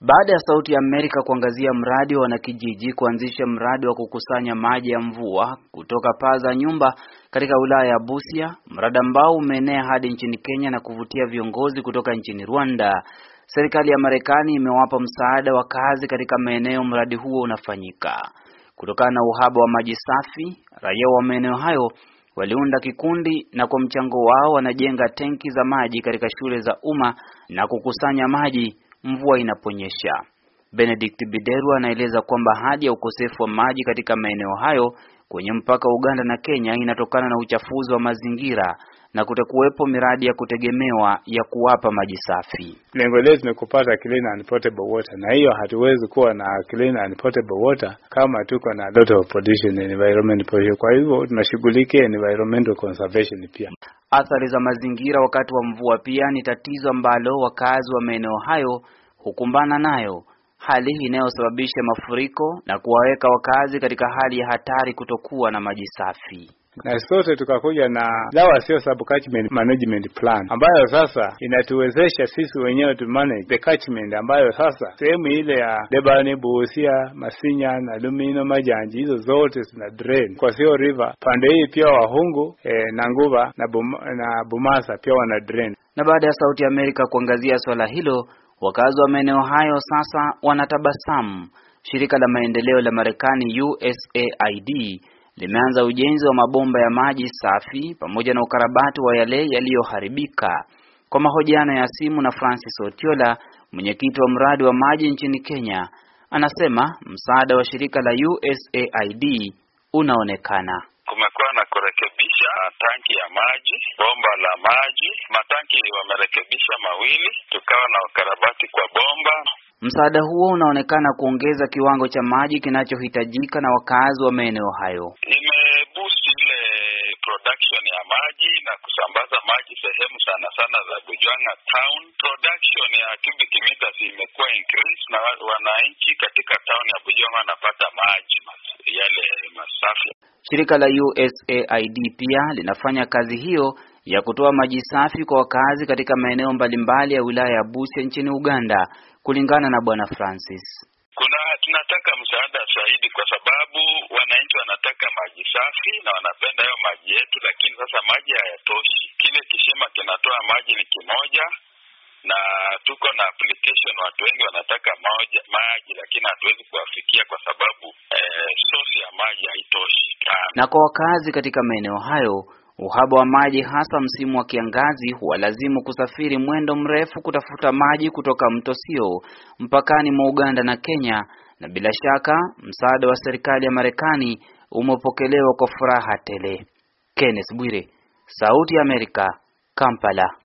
Baada ya Sauti ya Amerika kuangazia mradi wa wanakijiji kuanzisha mradi wa kukusanya maji ya mvua kutoka paa za nyumba katika wilaya ya Busia, mradi ambao umeenea hadi nchini Kenya na kuvutia viongozi kutoka nchini Rwanda, serikali ya Marekani imewapa msaada wa kazi katika maeneo mradi huo unafanyika. Kutokana na uhaba wa maji safi, raia wa maeneo hayo waliunda kikundi na kwa mchango wao wanajenga tenki za maji katika shule za umma na kukusanya maji mvua inaponyesha. Benedict Biderwa anaeleza kwamba hadi ya ukosefu wa maji katika maeneo hayo kwenye mpaka wa Uganda na Kenya inatokana na uchafuzi wa mazingira na kutakuwepo miradi ya kutegemewa ya kuwapa maji safi. Lengo letu ni kupata clean and potable water, na hiyo hatuwezi kuwa na clean and potable water kama tuko na lot of pollution and environment pollution. Kwa hivyo tunashughulikia environmental conservation pia. Athari za mazingira wakati wa mvua pia ni tatizo ambalo wakazi wa maeneo hayo hukumbana nayo hali inayosababisha mafuriko na kuwaweka wakazi katika hali ya hatari kutokuwa na maji safi na sote tukakuja na dawa sio sub-catchment management plan ambayo sasa inatuwezesha sisi wenyewe to manage the catchment, ambayo sasa sehemu ile ya Debani, Buhusia, Masinya na Lumino, Majanji, hizo zote zina drain kwa sio river pande hii. Pia Wahungu eh, na Nguva na Bumasa pia wana drain. Na baada ya Sauti ya Amerika kuangazia swala hilo Wakazi wa maeneo hayo sasa wanatabasamu. Shirika la maendeleo la Marekani USAID limeanza ujenzi wa mabomba ya maji safi pamoja na ukarabati wa yale yaliyoharibika. Kwa mahojiano ya simu na Francis Otiola, mwenyekiti wa mradi wa maji nchini Kenya, anasema msaada wa shirika la USAID unaonekana. Kumekuwa na kurekebisha tanki ya maji, bomba la maji wamerekebisha mawili, tukawa na ukarabati kwa bomba. Msaada huo unaonekana kuongeza kiwango cha maji kinachohitajika na wakazi wa maeneo hayo. Imeboost ile production ya maji na kusambaza maji sehemu sana sana za Bujwanga town. Production ya cubic meters imekuwa increase na wananchi katika town ya Bujwanga wanapata maji yale masafi. Shirika la USAID pia linafanya kazi hiyo ya kutoa maji safi kwa wakazi katika maeneo mbalimbali ya wilaya ya Busia nchini Uganda. Kulingana na Bwana Francis, kuna tunataka msaada zaidi, kwa sababu wananchi wanataka maji safi na wanapenda hayo maji yetu, lakini sasa maji hayatoshi. Kile kisima kinatoa maji ni kimoja na tuko na application, watu wengi wanataka maji, maji lakini hatuwezi kuwafikia kwa sababu eh, sosi ya maji haitoshi. Na kwa wakazi katika maeneo hayo Uhaba wa maji hasa msimu wa kiangazi huwalazimu kusafiri mwendo mrefu kutafuta maji kutoka mto Sio mpakani mwa Uganda na Kenya, na bila shaka msaada wa serikali ya Marekani umepokelewa kwa furaha tele. Kenneth Bwire, Sauti ya Amerika, Kampala.